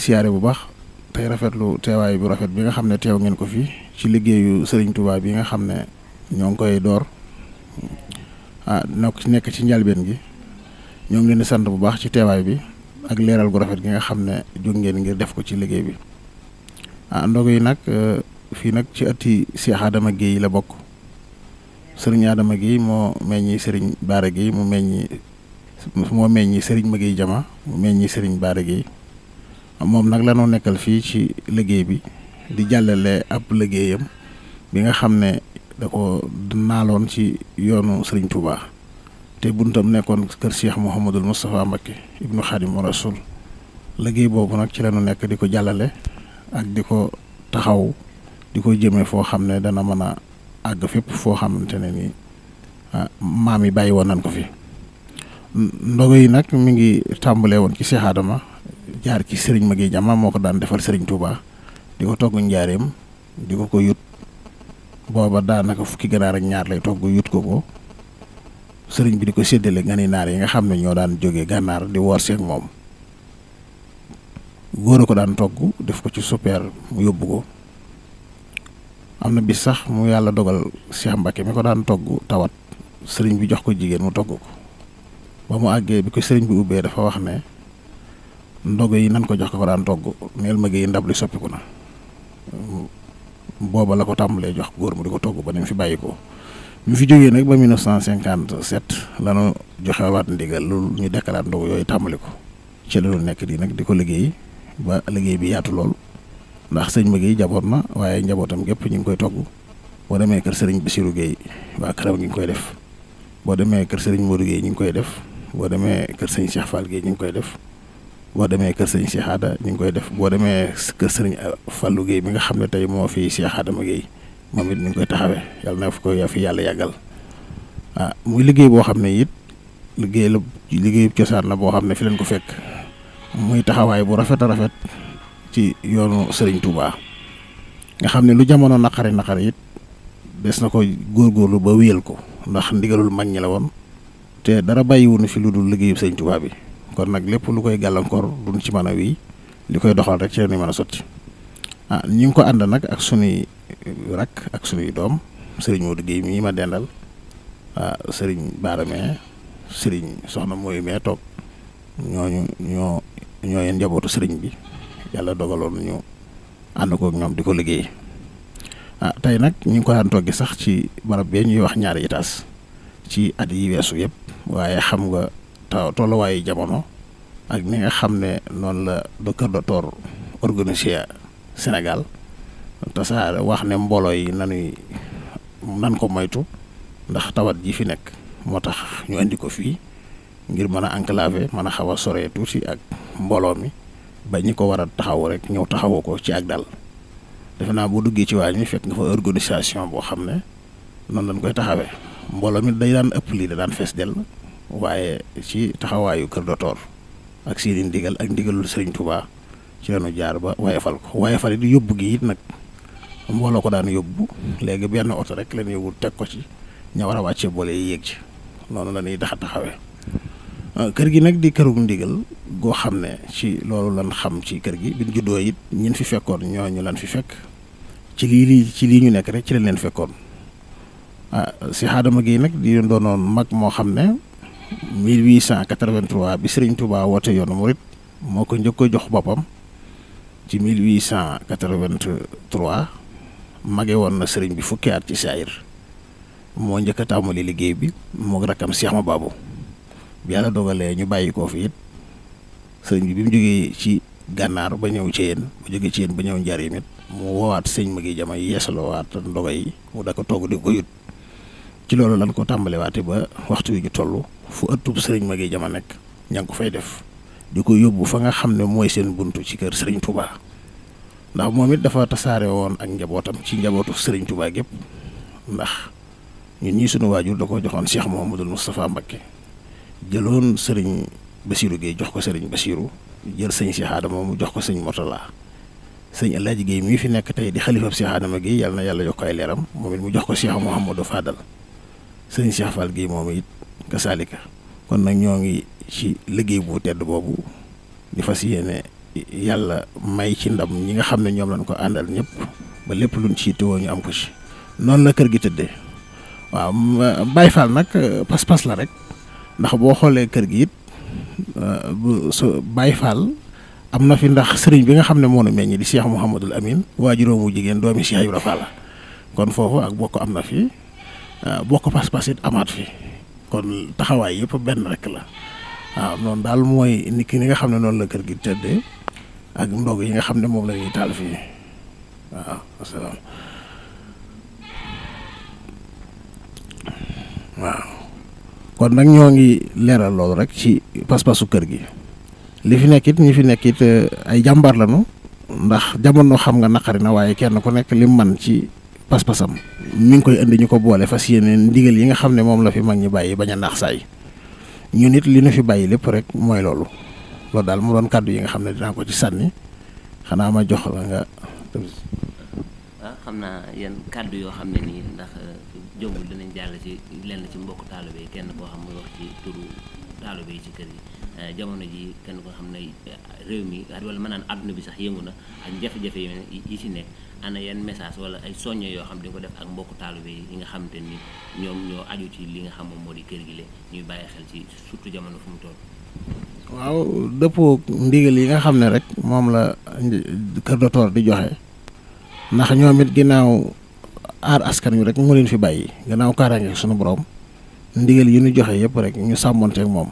siyaare bu baax tey rafetlu teewaay bu rafet bi nga xam ne teew ngeen ko fii ci liggéeyu Serigne Touba bi nga xam ne ñoo ngi koy door ah, ci nekk ci njalbeen gi ñoo ngi leen di sant bu baax ci teewaay bi ak leeral gu rafet gi nga xam ne jóg ngeen ngir def ko ci liggéey bi ah ndogu yi nag euh, fii nag ci ëtti Cheikh Adama Guèye la bokk Serigne Adama Guèye moo meññi sëriñ baare gi mu meññi moo meññi Serigne Maguèye Jama mu meññi Serigne Bara Guèye moom nag lanoo nekkal fii ci liggéey bi di jàllale ab liggéeyam bi nga xam ne da ko naaloon ci yoonu Serigne Touba te buntam nekkoon kër Cheikh Mouhamadul Moustapha Mbacké ibnu Khadim Rasoul liggéey boobu nag ci lañu nekk di ko jàllale ak di ko taxaw di ko jëme foo xam ne dana mën a àgg fépp foo xamante ne nii ah, maam yi bàyyi woon nañ ko fi ndogo yi nag mi ngi tàmbale woon ci Cheikh Adama jaar ci sëriñ Maguette Diama moo ko daan defal sëriñ Touba di ko togg njaareem di ko ko yut booba daanaka fukki ganaar ak ñaar lay togg yut ko ko sëriñ bi di ko séddale nga ni naar yi nga xam ne ñoo daan jógee gànnaar di woor seeg moom góor ko daan togg def ko ci super mu yóbbu ko am na bis sax mu yàlla dogal Cheikh Mbacke mi ko daan togg tawat sëriñ bi jox ko jigéen mu togg ko ba mu àggee bi ko sëriñ bi ubbee dafa wax ne ndogu yi nan ko jox ko ko daan togg neel ma yi ndab li soppiku na booba la ko tàmbalee jox góor mu di ko togg ba ni mu fi bàyyi ko mu fi jógee nag ba 1957 la ñu joxewaat ndigal loolu ñu dekkalaat ndogu yooyu tàmbali ko ci loolu nekk di nag di ko liggéey ba liggéey bi yaatu lool ndax sëñ ma gi jaboot na waaye njabootam gépp ñu ngi koy togg boo demee kër sëriñ Bassirou Guèye waa këram ñu ngi koy def boo demee kër sëriñ Modou Guèye ñu ngi koy def boo demee kër sëriñ Cheikh Fall Guèye ñu ngi koy def boo demee kër sëñ Cheikh Adda ñu koy def boo demee kër sëriñ Fallou Guèye mi nga xam ne tey moo fi Cheikh Adama Guèye moom it ñu ngi koy taxawee yàlla na fu ko fi yàlla yàggal ah muy liggéey boo xam ne it liggéey la liggéey cosaan na boo xam ne fi leen ko fekk muy taxawaay bu rafet a rafet ci yoonu sëriñ Touba nga xam ne lu jamono naqari naqari it des na ko góorgóorlu ba wéyal ko ndax ndigalul mag ñi la woon te dara bàyyi bàyyiwuñu fi lu dul liggéeyu sëriñ Touba bi. kon nag lépp lu koy gàllankoor duñ ci mën a wii li koy doxal rek ci la ñuy mën a sotti ah ñu ngi ko ànd nag ak sunuy rakk ak sunuy doom sëriñ Modou Guèye mii ma dendal ah, sëriñ Baarame sëriñ soxna mooy mee toog ñooñu ñoo ñoo yeen njabootu sëriñ bi yàlla dogaloon ñu ànd kook ñoom di ko liggéey ah tey nag ñu ngi ko daan toggi sax ci barab bee ñuy wax ñaari itaas ci at yi weesu yëpp waaye xam nga tolluwaayu jamono ak ni nga xam ne noon la docteur docteur organisé Sénégal tasaare wax ne mbooloo yi nanuy nan ko moytu ndax tawat jii fi nekk moo tax ñu indi ko fii ngir mën a enclavé mën a xaw a sore tuuti ak mbooloo mi ba ñi ko war a taxaw rek ñëw taxawoo ko ci ak daal defe naa boo duggee ci waa ñi fekk nga fa organisation boo xam ne noonu lañ koy taxawee mbooloo mi day daan ëpp lii da daan fees dell waaye ci taxawaayu kër docteur ak seeni ndigal ak ndigalul sëriñ Touba ci lañu jaar ba wayefal ko wayefal it yóbbu gi it nag mbooloo ko daan yóbbu léegi benn oto rek la ñuy teg ko ci ña war a wàccee boole yi yéeg ci noonu la ñuy tax taxawee ah, kër gi nag di kërum ndigal goo xam ne ci loolu lan xam ci kër gi biñ juddoo it ñin fi fekkoon ñooñu lan fi fekk ci lii lii ci lii ñu nekk rek ci lañ leen fekkoon ah, si xaadama gi nag di doonoon mag moo xam ne 1883 bi Serigne Touba woote yoonu murit moo ko njëkk jox boppam ci 1883 mage woon na sëriñ bi fukki at ci saayir moo njëkka a tàmbali liggéey bi moo rakkam Cheikh Ma Babou bi yàlla dogalee ñu bàyyi koo fi it sëriñ bi bi mu jógee ci gànnaar ba ñëw ci yéen mu jógee ci yéen ba ñëw njariñ it mu woowaat sëñ magi jama yeesalowaat ndogo yi mu da ko togg di ko ci loolu lan ko tàmbaliwaate ba waxtu wi ñu toll fu ëttub sëriñ ma gi Diama nekk ña ngi ko fay def di ko yóbbu fa nga xam ne mooy seen buntu ci kër sëriñ Touba ndax moom it dafa tasaare woon ak njabootam ci njabootu sëriñ Touba gépp ndax ñun nii sunu waajur da ko joxoon mu Mouhamadul Moustapha Mbacké jëloon sëriñ Bassirou Guèye jox ko sëriñ Bassirou jël sëñ Cheikh Adama mu jox ko sëñ Mourtala sëñ El Hadj Guèye mii fi nekk tey di xalifab Cheikh Adama Guèye yàlla na yàlla jox koy ay leeram moom it mu jox ko Cheikh Mouhamadou Fadal sëñ Cheikh Fall Guèye kasaalika kon nag ñoo ngi ci liggéey bu tedd boobu di fas ne yàlla may ci ndam ñi nga xam ne ñoom lañ ko àndal ñëpp ba lépp luñ ci tëwoo ñu am ko ci noonu la kër gi tëddee waaw Baye Fall nag euh, pas-pas la rek ndax boo xoolee kër gi it euh, bu su am na fi ndax sëriñ bi nga xam ne moo nu meññ di Cheikh Mouhamadul Amin waajuróom wu jigéen doomi Cheikh Ibra Fall kon foofu ak bokk am na fi euh, bokk pas-pas it amaat fi kon taxawaay yëpp benn rek la waaw noonu daal mooy nit ki ni nga xam ne noonu la kër gi tëddee ak ndog yi nga xam ne moom la ñuy taal fii waaw kon nag ñoo ngi leeral loolu rek ci pas-pasu kër gi li fi nekk it ñi fi nekkit ay jàmbaar lañu ndax jamono xam nga naqari na waaye kenn ku nekk lim man ci pas-pasam mi ngi koy indi ñu ko boole fas yéene ndigal yi nga xam ne moom la fi mag ñi bàyyi bañ a naax saay ñu nit li nu fi bàyyi lépp rek mooy loolu loolu daal moo doon kàddu yi nga xam ne dinaa ko ci sànni xanaa ma jox la nga. Ah, xam naa yan kàddu yoo xam ne nii ndax euh, jombul dinañ jàll ci lenn ci mbokk taalibe kenn koo xam muy wax ci turu taalibe ci kër yi. Eh, jamono ji kenn ko xam ne eh, réew mi wala mën naan àdduna bi sax yëngu na ak jafe-jafe yi ci nekk ana yenn message wala ay soñño yoo xam di nga ko def ak mbokku taalibe yi nga xamante ni ñoom ñoo aju ci li nga xam moom moo di kër gi la ci surtout jamono fu mu toll. waaw ndigal yi nga xam ne rek moom la kër docteur di joxe ndax ñoom it ginnaaw aar askan wi rek mu leen fi bàyyi gannaaw kaaraange suñu borom ndigal yi ñu joxe yëpp rek ñu sàmmonteeg moom.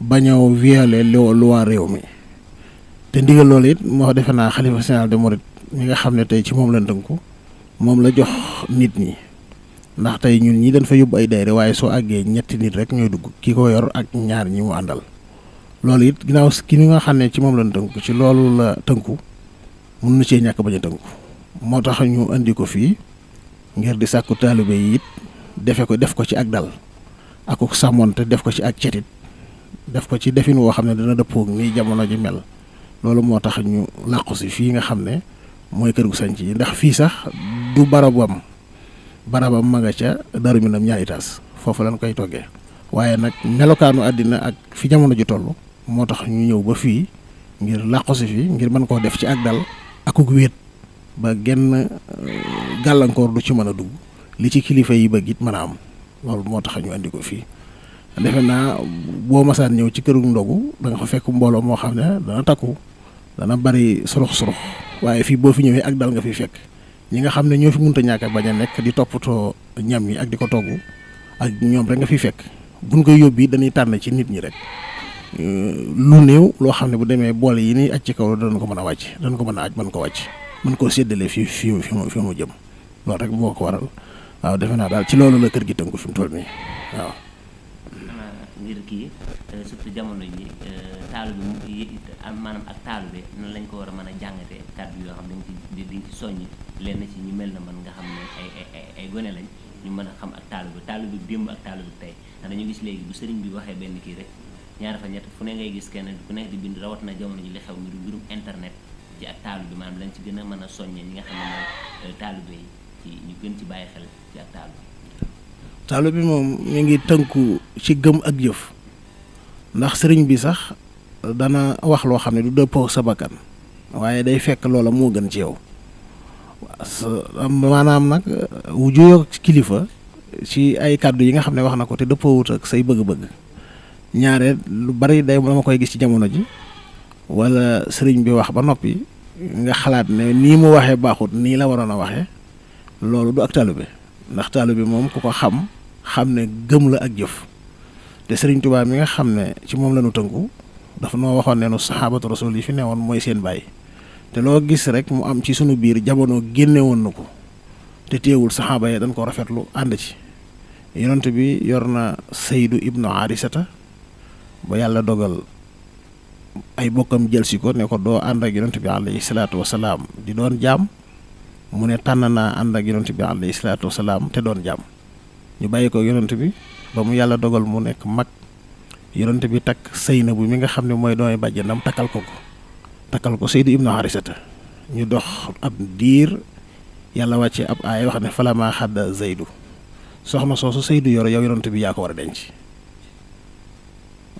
bañ a violer loi réew mi te ndigal loolu it moo defe naa xalifa général des mourides mi nga xam ne tey ci moom la ndënku moom la jox nit ñi ndax tey ñun ñi dañ fa yóbbu ay dayre waaye soo àggee ñetti nit rek ñooy dugg ki ko yor ak ñaar ñi mu àndal loolu it ginnaaw ki ni nga xam ne ci moom la tënku ci loolu la tënku mun na cee ñàkk bañ a tënku moo tax ñu indi ko fii ngir di sàkku taalibe yi it defe ko def ko ci ak dal ak sàmmoon te def ko ci ak cetit def ko ci defin woo xam ne dana dëppoog nii jamono ji mel loolu moo tax ñu làqu fii nga xam ne mooy kër gu yi ndax fii sax du barabam barabam ma nga ca Daaru Minam ñaari taas foofu lañ koy toggee waaye nag melokaanu àddina ak fi jamono ji toll moo tax ñu ñëw ba fii ngir làqu fii ngir mën koo def ci ak dal akuk wéet ba genn euh, gàllankoor du ci mën a dugg li ci kilifa yi ba it mën a am loolu moo tax ñu andi ko fii defe naa boo masaan ñëw ci këru ndogu da ko fekk mbooloo moo xam ne dana takku dana bari surux surux waaye fii boo fi ñëwee ak dal nga fi fekk ñi nga xam ne ñoo fi munta a ñàkk a bañ a nekk di toppatoo ñam yi ak di ko togg ak ñoom rek nga fi fekk buñ koy yóbbi dañuy tànn ci nit ñi rek lu néew loo xam ne bu demee boole yi ni aj ci kaw danañ ko mën a wàcc danañ ko mën a aj mën ko wàcc mën koo séddale fii fi mu fi mu jëm loolu rek boo ko waral waaw defe naa daal ci loolu la kër gi tënku fi mu toll nii waaw ngir kii euh, surtout jamono ji euh, taalu bi maanaam ak taalu bi nan lañ ko war a mën a jàngatee kàddu yoo xam dañ ci diñ ci soññ lenn ci ñu mel na man nga xam ne ay gone lañ ñu mën a xam ak taalu bi taalu bi démb ak taalu bi tey ndax dañu gis léegi bu sëriñ bi waxee benn kii rek ñaar ñett fu ne ngay gis kenn ku nekk di bind rawat na jamono ji li xew mi du mbirum internet ci ak taalu bi maanaam lañ ci gën a mën a soññee ni nga xam ne mooy euh, taalu bi gën ci bàyyi xel taalu bi taalibe bi moom mu ngi tënku ci gëm ak jëf ndax sëriñ bi sax dana wax loo xam ne du dëppoo sa bakkan waaye day fekk loola moo gën ci yow maanaam nag uh, wu juyoo ci kilifa ci ay kàddu yi nga xam ne wax na ko te wut ak say bëgg-bëgg ñaare lu bari day dama koy gis ci jamono ji wala sëriñ bi wax ba noppi nga xalaat ne nii mu waxee baaxut nii la waroon a waxe loolu du ak taalibe ndax taalibe moom ku ko xam xam ne gëm la ak jëf te sëriñ tubaab mi nga xam ne ci moom la ñu tënku dafa noo waxoon ne nu saxaabatu rasul yi fi ne woon mooy seen bàyyi te loo gis rek mu am ci sunu biir jamono génne woon na ko te teewul saxaaba yi dañ ko rafetlu ànd ci yonent bi yor na Saydu ibnu Arisata ba yàlla dogal ay bokkam jël si ko ne ko doo ànd ak yonent bi alayhi salaatu wasalaam di doon jaam mu ne tànn naa ànd ak yonent bi alayhi salaatu wasalaam te doon jaam ñu bàyyi ko yonent bi ba mu yàlla dogal mu nekk mag yonent bi takk sayna bu mi nga xam ne mooy doomi bàjjanam takkal ko ko takkal ko Seydou Ibnu Harisata ñu dox ab diir yàlla wàcce ab aay wax ne falama xadda Zeydu soxna soosu Seydou yor yow yonent bi yaa ko war a denc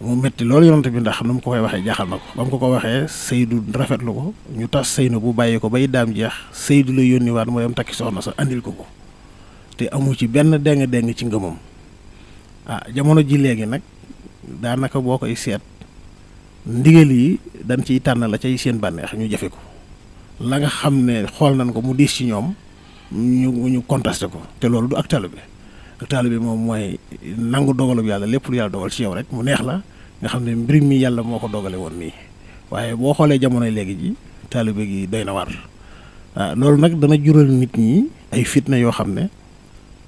mu metti loolu yonent bi ndax nu mu ko koy waxee jaaxal na ko ba mu ko ko waxee Seydou rafetlu ko ñu tas sayna bu bàyyi ko bay daam jeex Seydou la yónniwaat moo am takki soxna sa andil ko ko te amul ci benn deng-deng ci ngëmam ah jamono ji léegi nag daanaka boo koy seet ndigal yi dañ ciy tànn la cay seen bànneex ñu jafe ko la nga xam ne xool nañ ko mu diis ci ñoom ñu ñu contesté ko te loolu du ak taalibe ak taalibe moom mooy nangu dogalub yàlla lépp lu yàlla dogal ci yow rek mu neex la nga xam ne mbir mi yàlla moo ko dogale woon nii waaye boo xoolee jamonoy léegi ji taalibe gi doy na war ah, loolu nag dana jural nit ñi ay fitna yoo xam ne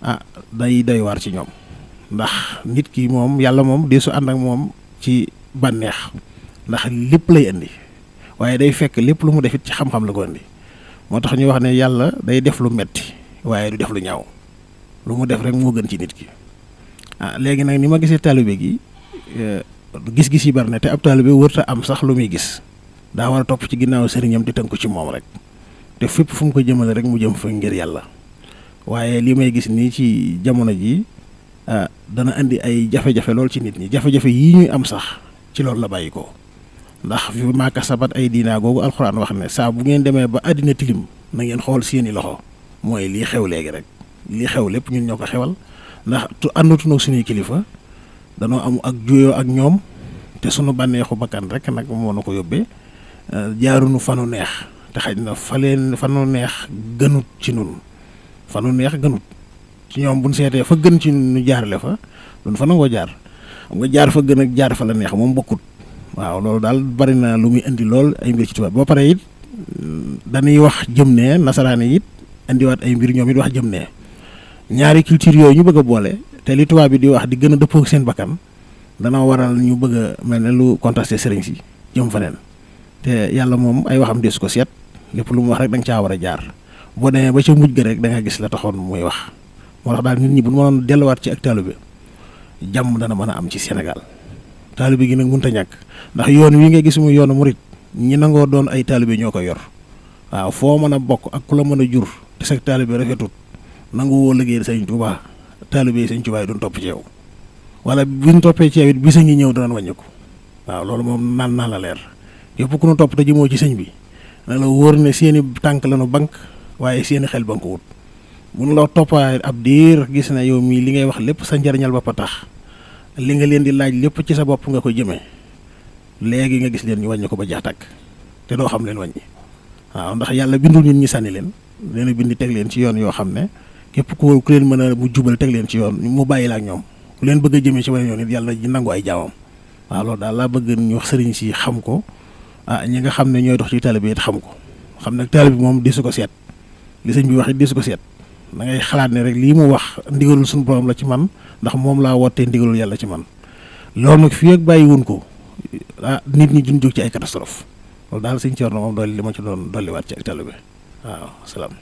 ah day doy waar ci ñoom ndax nit ki moom yàlla moom deesu ànd ak moom ci bànneex ndax lépp lay indi waaye day fekk lépp lu mu defit ci xam-xam la ko indi moo tax ñu wax ne yàlla day def lu metti waaye du def lu ñaaw lu mu def rek moo gën ci nit ki ah léegi nag ni ma gisee taalibe gi eh, gis-gis yi bari te ab taalibe wërta am sax lu muy gis daa war a topp ci ginnaaw sëriñam di tënku ci moom rek te fépp fu mu ko jëmalee rek mu jëm fa ngir yàlla waaye li may gis nii ci jamono ji ah dana indi ay jafe-jafe lool ci nit ñi jafe-jafe yii ñuy am sax ci loolu la bàyyi ko ndax fi ma kasabat ay diinaa googu alxuraan wax ne saa bu ngeen demee ba àddina tilim na ngeen xool seeni loxo mooy lii xew léegi rek lii xew lépp ñun ñoo ko xewal ndax tu àndatuñoo suñuy kilifa danoo am ak juyoo ak ñoom te suñu bànneexu bakkan rek nag moo na ko yóbbee ah, jaarunu fanu neex te xaj na fa leen fanu neex gënut ci nu lu neex gënut ci ñoom bu ñu seetee fa gën ci ñu jaarale fa duñ fa nangoo jaar xam nga jaar fa gën ak jaar fa la neex moom bokkut waaw loolu daal bari na lu muy indi lool ay mbir ci tubaab boo paree it mm, dañuy wax jëm ne nasaraan yi it indiwaat ay mbir ñoom it wax jëm ne ñaari culture yooyu ñu bëgg a boole te li tubaab bi di wax di gën a dëppoo seen bakkan dana waral ñu bëgg a mel ne lu contrasté sëriñ si jëm fa neen te yàlla moom ay waxam des ko seet lépp lu mu wax rek da caa war a jaar. boo demee ba ca mujj ga rek da nga gis la taxoon muy wax moo tax daal nit ñi bu ñu mënoon delluwaat ci ak taalibe jàmm dana mën a am ci Sénégal taalibe gi nag mënut te ñàkk ndax yoon wi nga gis mu yoonu murit ñi nangoo doon ay taalibe ñoo ko yor waaw foo mën a bokk ak ku la mën a jur te sag taalibe rafetut nangu woo liggéeyal Sëñ Tuubaa taalibe yi Sëñ Tuubaa yi topp ci yow wala buñ toppee ci bi it bisa ngi ñëw danañ wàññiku waaw loolu moom naan naa la leer yëpp ku nu topp te jëmoo ci sëñ bi na la wóor tànk la nu waaye seen xel ba nga ko wut buñ la toppaa ab diir gis na yow mii li ngay wax lépp sa njariñal bopp a tax li nga leen di laaj lépp ci sa bopp nga ko jëmee léegi nga gis leen ñu wàññi ko ba jaatak te doo xam leen wàññi waaw ndax yàlla bindul nit ñi sànni leen leen bindi teg leen ci yoon yoo xam ne képp ku ku leen mën a mu jubal teg leen ci yoon mu bàyyi la ak ñoom ku leen bëgg a jëmee ci wane yoon it yàlla ji nangu ay jaamam waaw loolu daal laa bëgg ñu wax sëriñ si xam ko ah ñi xam ne ñooy dox ci taalibe it xam ko xam nag taalibe moom di su ko seet li sëñ bi wax it deesu ko seet da ngay xalaat ne rek lii mu wax ndigalul suñu borom la ci man ndax moom laa wotee ndigalul yàlla ci man loolu nag fii ak bàyyi wuñ ko ah, nit ñi duñ jóg ci ay katastrof loolu daal sëñ Thierno moom dolli ci doon dolliwaat ci ak talu bi waaw salaam.